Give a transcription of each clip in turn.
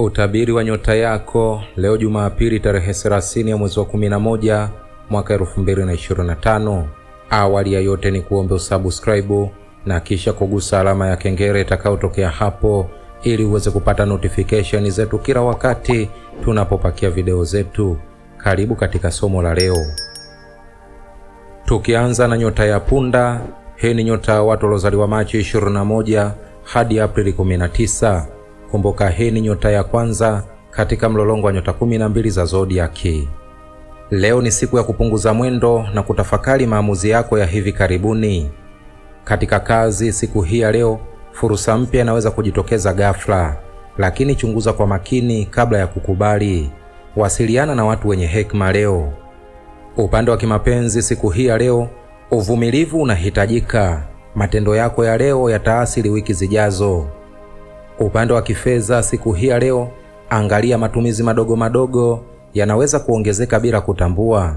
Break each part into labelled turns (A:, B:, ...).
A: Utabiri wa nyota yako leo Jumapili tarehe 30 ya mwezi wa 11 mwaka 2025. Awali ya yote ni kuombe usubscribe na kisha kugusa alama ya kengele itakayotokea hapo ili uweze kupata notification zetu kila wakati tunapopakia video zetu. Karibu katika somo la leo, tukianza na nyota ya punda. Hii ni nyota ya watu waliozaliwa Machi 21 hadi Aprili 19. Kumbuka hii ni nyota ya kwanza katika mlolongo wa nyota mbili za zodiaki. Leo ni siku ya kupunguza mwendo na kutafakari maamuzi yako ya hivi karibuni. Katika kazi, siku hii ya leo, fursa mpya inaweza kujitokeza ghafla, lakini chunguza kwa makini kabla ya kukubali. Wasiliana na watu wenye hekima leo. Upande wa kimapenzi, siku hii ya leo, uvumilivu unahitajika. Matendo yako ya leo yataasiri wiki zijazo. Upande wa kifedha siku hii ya leo, angalia matumizi madogo madogo yanaweza kuongezeka bila kutambua.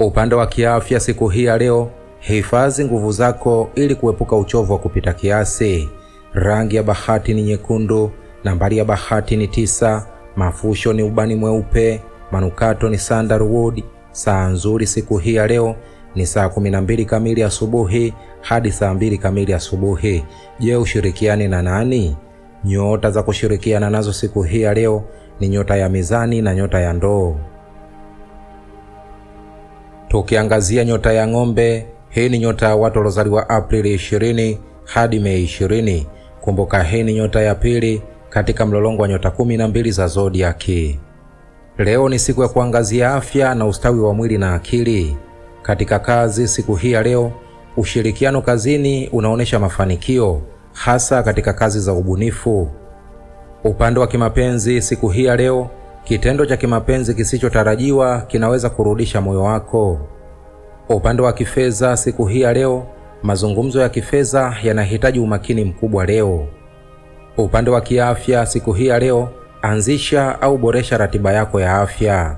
A: Upande wa kiafya siku hii ya leo, hifadhi nguvu zako ili kuepuka uchovu wa kupita kiasi. Rangi ya bahati ni nyekundu, nambari ya bahati ni tisa, mafusho ni ubani mweupe, manukato ni sandalwood. Saa nzuri siku hii ya leo ni saa 12 kamili asubuhi hadi saa 2 kamili asubuhi. Je, ushirikiani na nani? Nyota za kushirikiana nazo siku hii ya leo ni nyota ya mizani na nyota ya ndoo. Tukiangazia nyota ya ng'ombe, hii ni nyota ya watu waliozaliwa Aprili 20 hadi Mei 20. Kumbuka, hii ni nyota ya pili katika mlolongo wa nyota kumi na mbili za zodiaki. Leo ni siku ya kuangazia afya na ustawi wa mwili na akili. Katika kazi siku hii ya leo, ushirikiano kazini unaonyesha mafanikio hasa katika kazi za ubunifu. Upande wa kimapenzi, siku hii ya leo, kitendo cha kimapenzi kisichotarajiwa kinaweza kurudisha moyo wako. Upande wa kifedha, siku hii ya leo, mazungumzo ya kifedha yanahitaji umakini mkubwa leo. Upande wa kiafya, siku hii ya leo, anzisha au boresha ratiba yako ya afya.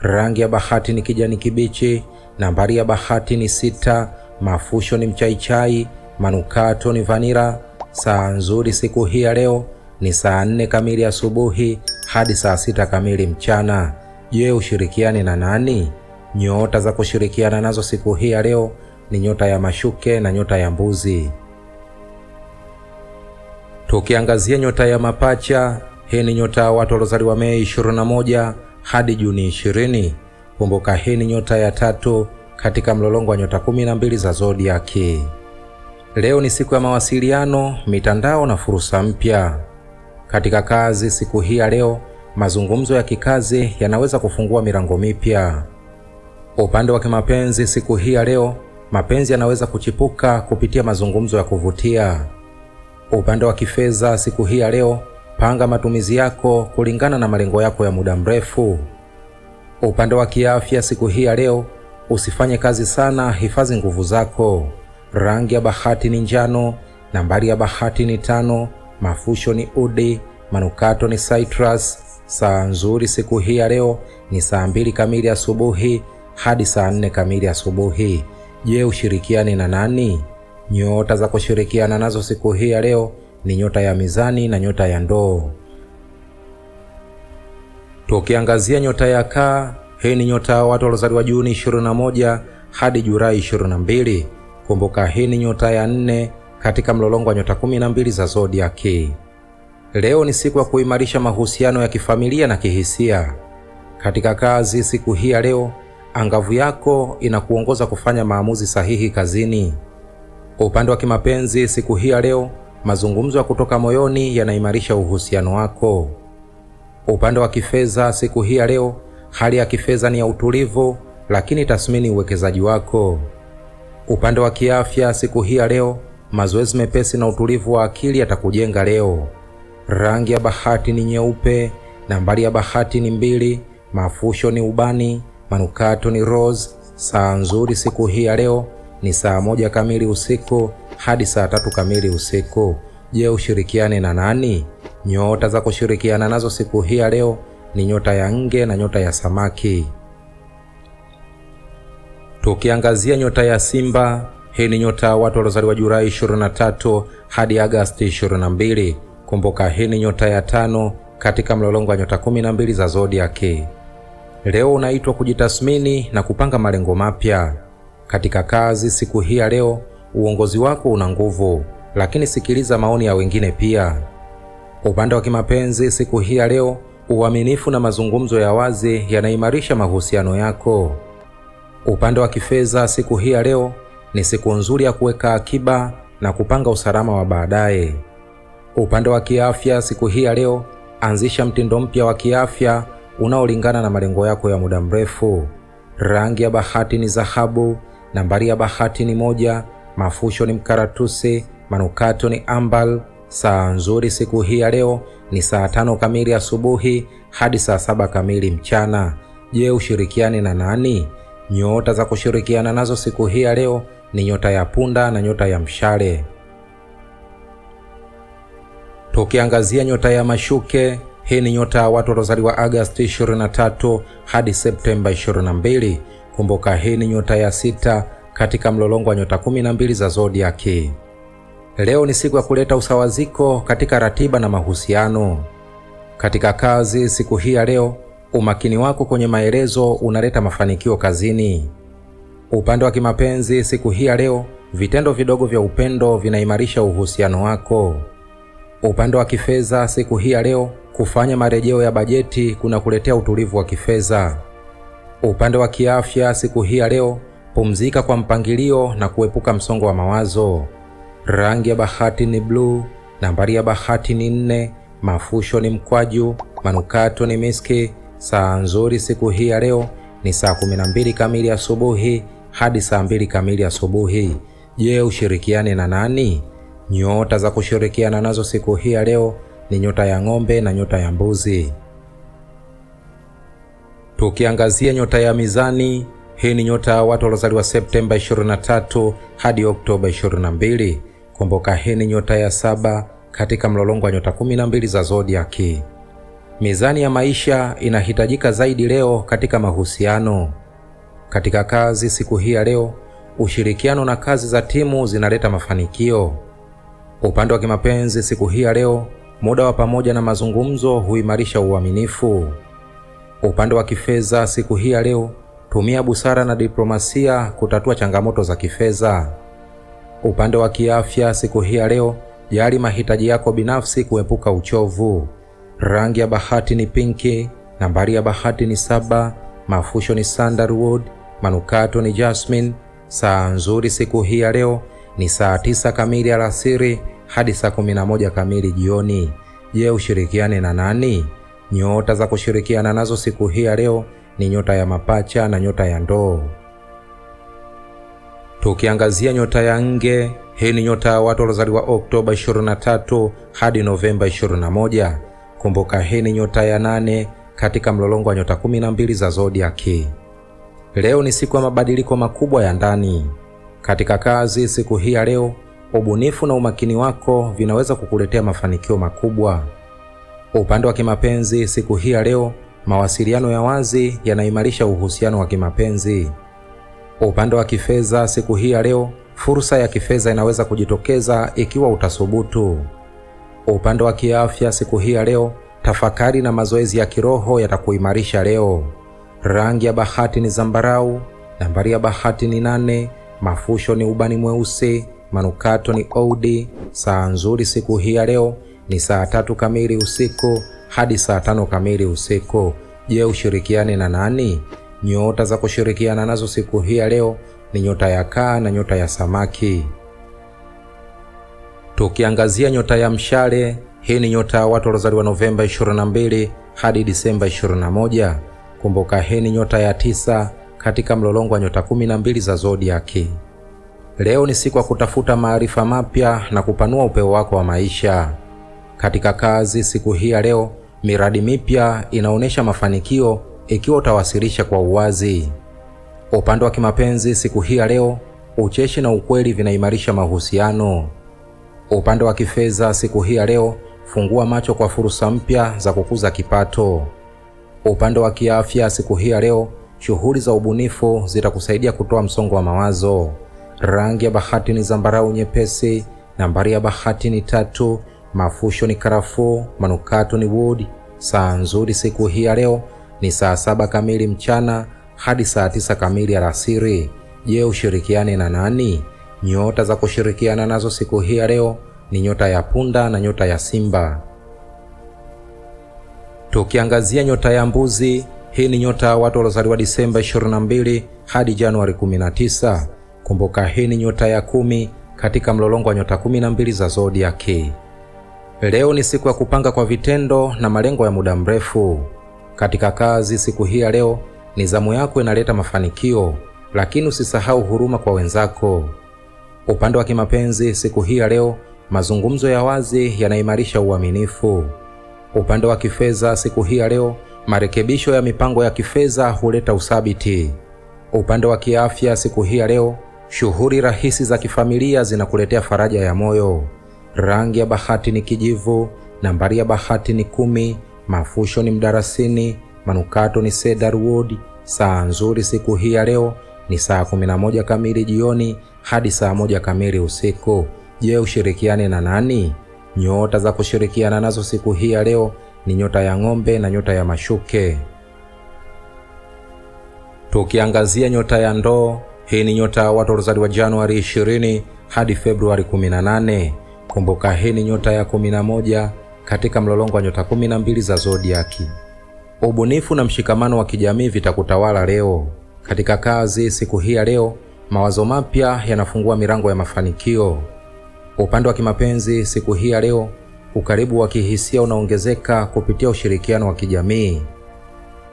A: Rangi ya bahati ni kijani kibichi. Nambari ya bahati ni sita. Mafusho ni mchaichai. Manukato ni vanira. Saa nzuri siku hii ya leo ni saa nne kamili asubuhi hadi saa sita kamili mchana. Je, ushirikiani na nani? Nyota za kushirikiana nazo siku hii ya leo ni nyota ya mashuke na nyota ya mbuzi. Tukiangazia nyota ya mapacha, hii ni nyota ya watu waliozaliwa Mei 21 hadi Juni 20. Kumbuka, hii ni nyota ya tatu katika mlolongo wa nyota 12 za zodiaki. Leo ni siku ya mawasiliano, mitandao na fursa mpya. Katika kazi siku hii ya leo, mazungumzo ya kikazi yanaweza kufungua milango mipya. Upande wa kimapenzi siku hii ya leo, mapenzi yanaweza kuchipuka kupitia mazungumzo ya kuvutia. Upande wa kifedha siku hii ya leo, panga matumizi yako kulingana na malengo yako ya muda mrefu. Upande wa kiafya siku hii ya leo, usifanye kazi sana, hifadhi nguvu zako rangi ya bahati ni njano, nambari ya bahati ni tano, mafusho ni udi, manukato ni citrus. Saa nzuri siku hii ya leo ni saa mbili kamili asubuhi hadi saa nne kamili asubuhi. Je, ushirikiani na nani? Nyota za kushirikiana nazo siku hii ya leo ni nyota ya mizani na nyota ya ndoo. Tukiangazia nyota ya kaa, hii ni nyota ya watu waliozaliwa Juni 21 hadi Julai 22. Kumbuka hii ni nyota ya nne katika mlolongo wa nyota kumi na mbili za zodiaki. Leo ni siku ya kuimarisha mahusiano ya kifamilia na kihisia. Katika kazi siku hii ya leo, angavu yako inakuongoza kufanya maamuzi sahihi kazini. Upande wa kimapenzi siku hii ya leo, mazungumzo ya kutoka moyoni yanaimarisha uhusiano wako. Upande wa kifedha siku hii ya leo, hali ya kifedha ni ya utulivu, lakini tathmini uwekezaji wako. Upande wa kiafya siku hii ya leo, mazoezi mepesi na utulivu wa akili yatakujenga leo. Rangi ya bahati ni nyeupe, nambari ya bahati ni mbili, mafusho ni ubani, manukato ni rose. Saa nzuri siku hii ya leo ni saa moja kamili usiku hadi saa tatu kamili usiku. Je, ushirikiane na nani? Nyota za kushirikiana nazo siku hii ya leo ni nyota ya nge na nyota ya samaki. Tukiangazia nyota ya Simba, hii ni nyota ya watu waliozaliwa Julai 23 hadi Agosti 22. Kumbuka hii ni nyota ya tano katika mlolongo wa nyota 12 za zodiaki. Leo unaitwa kujitathmini na kupanga malengo mapya katika kazi. Siku hii ya leo, uongozi wako una nguvu, lakini sikiliza maoni ya wengine pia. Upande wa kimapenzi, siku hii ya leo, uaminifu na mazungumzo ya wazi yanaimarisha mahusiano yako. Upande wa kifedha, siku hii ya leo ni siku nzuri ya kuweka akiba na kupanga usalama wa baadaye. Upande wa kiafya, siku hii ya leo, anzisha mtindo mpya wa kiafya unaolingana na malengo yako ya muda mrefu. Rangi ya bahati ni dhahabu, nambari ya bahati ni moja, mafusho ni mkaratusi, manukato ni ambal. Saa nzuri siku hii ya leo ni saa tano kamili asubuhi hadi saa saba kamili mchana. Je, ushirikiane na nani? Nyota za kushirikiana nazo siku hii ya leo ni nyota ya punda na nyota ya mshale. Tukiangazia nyota ya mashuke, hii ni nyota ya watu waliozaliwa Agosti 23 hadi Septemba 22. Kumbuka, hii ni nyota ya sita katika mlolongo wa nyota 12 za zodiaki. Leo ni siku ya kuleta usawaziko katika ratiba na mahusiano. Katika kazi siku hii ya leo Umakini wako kwenye maelezo unaleta mafanikio kazini. Upande wa kimapenzi siku hii ya leo, vitendo vidogo vya upendo vinaimarisha uhusiano wako. Upande wa kifedha siku hii ya leo, kufanya marejeo ya bajeti kunakuletea utulivu wa kifedha. Upande wa kiafya siku hii ya leo, pumzika kwa mpangilio na kuepuka msongo wa mawazo. Rangi ya bahati ni bluu, nambari ya bahati ni nne, mafusho ni mkwaju, manukato ni miski. Saa nzuri siku hii ya leo ni saa 12 kamili asubuhi hadi saa 2 kamili asubuhi. Je, ushirikiane na nani? Nyota za kushirikiana nazo siku hii ya leo ni nyota ya ng'ombe na nyota ya mbuzi. Tukiangazia nyota ya mizani, hii ni nyota ya watu waliozaliwa Septemba 23 hadi Oktoba 22. Kumbuka, hii ni nyota ya saba katika mlolongo wa nyota 12 za zodiaki. Mizani ya maisha inahitajika zaidi leo katika mahusiano. Katika kazi siku hii ya leo, ushirikiano na kazi za timu zinaleta mafanikio. Upande wa kimapenzi siku hii ya leo, muda wa pamoja na mazungumzo huimarisha uaminifu. Upande wa kifedha siku hii ya leo, tumia busara na diplomasia kutatua changamoto za kifedha. Upande wa kiafya siku hii ya leo, jali mahitaji yako binafsi kuepuka uchovu. Rangi ya bahati ni pinki, nambari ya bahati ni saba, mafusho ni sandalwood, manukato ni jasmine. Saa nzuri siku hii ya leo ni saa tisa kamili alasiri hadi saa kumi na moja kamili jioni. Je, ushirikiane na nani? Nyota za kushirikiana nazo siku hii ya leo ni nyota ya mapacha na nyota ya ndoo. Tukiangazia nyota ya nge, hii ni nyota ya watu waliozaliwa Oktoba 23 hadi Novemba 21. Kumbuka hii ni nyota ya nane katika mlolongo wa nyota kumi na mbili za zodiaki. Leo ni siku ya mabadiliko makubwa ya ndani katika kazi. Siku hii ya leo, ubunifu na umakini wako vinaweza kukuletea mafanikio makubwa. Upande wa kimapenzi, siku hii ya leo, mawasiliano ya wazi yanaimarisha uhusiano wa kimapenzi. Upande wa kifedha, siku hii ya leo, fursa ya kifedha inaweza kujitokeza ikiwa utasubutu. Kwa upande wa kiafya siku hii ya leo, tafakari na mazoezi ya kiroho yatakuimarisha leo. Rangi ya bahati ni zambarau. Nambari ya bahati ni nane. Mafusho ni ubani mweusi. Manukato ni oudi. Saa nzuri siku hii ya leo ni saa tatu kamili usiku hadi saa tano kamili usiku. Je, ushirikiane na nani? Nyota za kushirikiana nazo siku hii ya leo ni nyota ya kaa na nyota ya samaki tukiangazia nyota ya mshale. Hii ni nyota ya watu waliozaliwa Novemba 22 hadi Disemba 21. Kumbuka, hii ni nyota ya tisa katika mlolongo wa nyota 12 za zodiaki. Leo ni siku ya kutafuta maarifa mapya na kupanua upeo wako wa maisha. Katika kazi siku hii ya leo, miradi mipya inaonyesha mafanikio ikiwa utawasilisha kwa uwazi. Upande wa kimapenzi siku hii ya leo, ucheshi na ukweli vinaimarisha mahusiano. Upande wa kifedha siku hii ya leo, fungua macho kwa fursa mpya za kukuza kipato. Upande wa kiafya siku hii ya leo, shughuli za ubunifu zitakusaidia kutoa msongo wa mawazo. Rangi ya bahati ni zambarau nyepesi. Nambari ya bahati ni tatu. Mafusho ni karafuu. Manukato ni wood. Saa nzuri siku hii ya leo ni saa saba kamili mchana hadi saa tisa kamili alasiri. Je, ushirikiane na nani? Nyota za kushirikiana nazo siku hii ya leo ni nyota ya punda na nyota ya simba. Tukiangazia nyota ya mbuzi, hii ni nyota ya watu waliozaliwa Disemba 22 hadi Januari 19. Kumbuka, hii ni nyota ya kumi katika mlolongo wa nyota 12 za zodiaki. Leo ni siku ya kupanga kwa vitendo na malengo ya muda mrefu. Katika kazi siku hii ya leo, zamu yako inaleta mafanikio, lakini usisahau huruma kwa wenzako. Upande wa kimapenzi, siku hii ya leo, mazungumzo ya wazi yanaimarisha uaminifu. Upande wa kifedha, siku hii ya leo, marekebisho ya mipango ya kifedha huleta uthabiti. Upande wa kiafya, siku hii ya leo, shughuli rahisi za kifamilia zinakuletea faraja ya moyo. Rangi ya bahati ni kijivu, nambari ya bahati ni kumi, mafusho ni mdarasini, manukato ni cedarwood. Saa nzuri siku hii ya leo ni saa 11 kamili jioni hadi saa moja kamili usiku. Je, ushirikiane na nani? Nyota za kushirikiana nazo siku hii ya leo ni nyota ya ng'ombe na nyota ya mashuke. Tukiangazia nyota ya ndoo, hii ni nyota ya watu waliozaliwa Januari 20 hadi Februari 18. Kumbuka, hii ni nyota ya 11 katika mlolongo wa nyota 12 za zodiaki. Ubunifu na mshikamano wa kijamii vitakutawala leo. Katika kazi siku hii ya leo, Mawazo mapya yanafungua milango ya mafanikio. Upande wa kimapenzi, siku hii ya leo, ukaribu wa kihisia unaongezeka kupitia ushirikiano wa kijamii.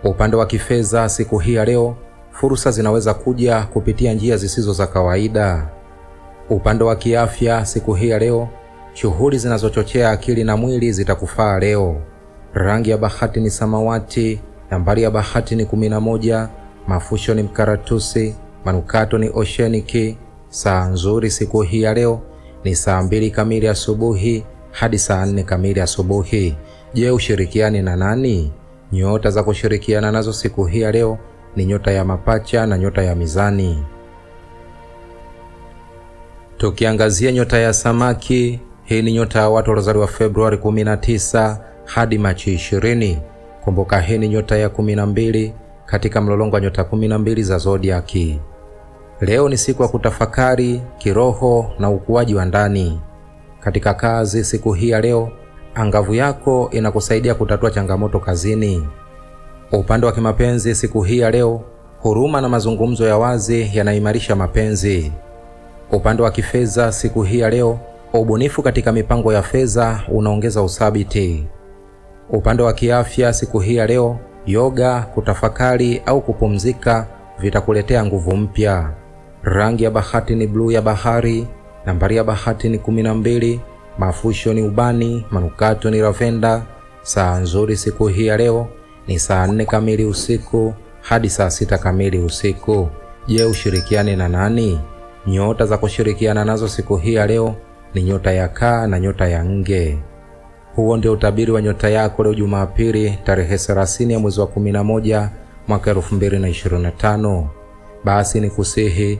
A: Upande wa kifedha, siku hii ya leo, fursa zinaweza kuja kupitia njia zisizo za kawaida. Upande wa kiafya, siku hii ya leo, shughuli zinazochochea akili na mwili zitakufaa leo. Rangi ya bahati ni samawati. Nambari ya bahati ni kumi na moja. Mafusho ni mkaratusi. Manukato ni osheniki Saa nzuri siku hii ya leo ni saa mbili kamili asubuhi hadi saa nne kamili asubuhi. Je, ushirikiani na nani? Nyota za kushirikiana nazo siku hii ya leo ni nyota ya mapacha na nyota ya mizani. Tukiangazia nyota ya samaki, hii ni nyota ya watu waliozaliwa Februari 19 hadi Machi 20. Kumbuka, hii ni nyota ya 12 katika mlolongo wa nyota 12 za zodiaki. Leo ni siku ya kutafakari kiroho na ukuaji wa ndani. Katika kazi, siku hii ya leo, angavu yako inakusaidia kutatua changamoto kazini. Kwa upande wa kimapenzi, siku hii ya leo, huruma na mazungumzo ya wazi yanaimarisha mapenzi. Kwa upande wa kifedha, siku hii ya leo, ubunifu katika mipango ya fedha unaongeza uthabiti. Upande wa kiafya, siku hii ya leo, yoga, kutafakari au kupumzika vitakuletea nguvu mpya. Rangi ya bahati ni bluu ya bahari. Nambari ya bahati ni kumi na mbili. Mafusho ni ubani, manukato ni lavenda. Saa nzuri siku hii ya leo ni saa nne kamili usiku hadi saa sita kamili usiku. Je, ushirikiane na nani? Nyota za kushirikiana nazo siku hii ya leo ni nyota ya kaa na nyota ya nge. Huo ndio utabiri wa nyota yako leo Jumapili tarehe 30 ya mwezi wa 11 mwaka 2025. Basi ni kusihi